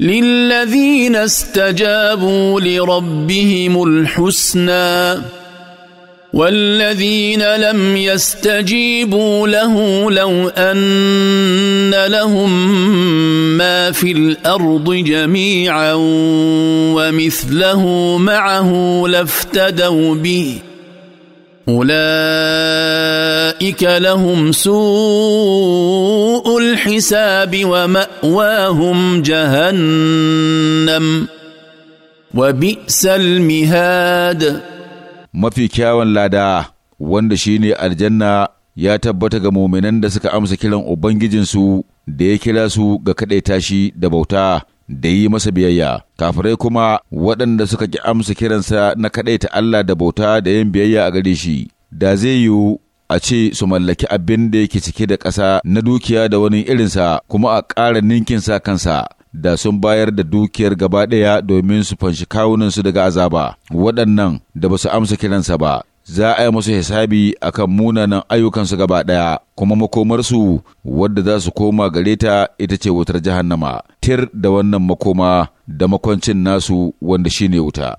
للذين استجابوا لربهم الحسنى والذين لم يستجيبوا له لو ان لهم ما في الارض جميعا ومثله معه لافتدوا به اولئك أولئك لهم سوء الحساب ومأواهم جهنم وبئس المهاد mafi kyawun lada wanda shine aljanna ya tabbata ga muminan da suka amsa kiran Ubangijinsu da ya kira su ga kaɗaita shi da bauta da yi masa biyayya, kafirai kuma waɗanda suka ki amsa kiransa na kaɗaita Allah da bauta da yin biyayya a gare shi, da zai yiwu a ce su mallaki abin da yake cike da ƙasa na dukiya da wani irinsa kuma a ƙara ninkin sa kansa da sun bayar da dukiyar gaba ɗaya domin su fanshi kawunansu daga azaba waɗannan da ba su amsa kiransa ba za a yi musu hisabi a kan munanan ayyukansu gaba ɗaya kuma makomarsu wadda za su koma gare ta ita ce wutar jahannama tir da wannan makoma da makwancin nasu wanda shine wuta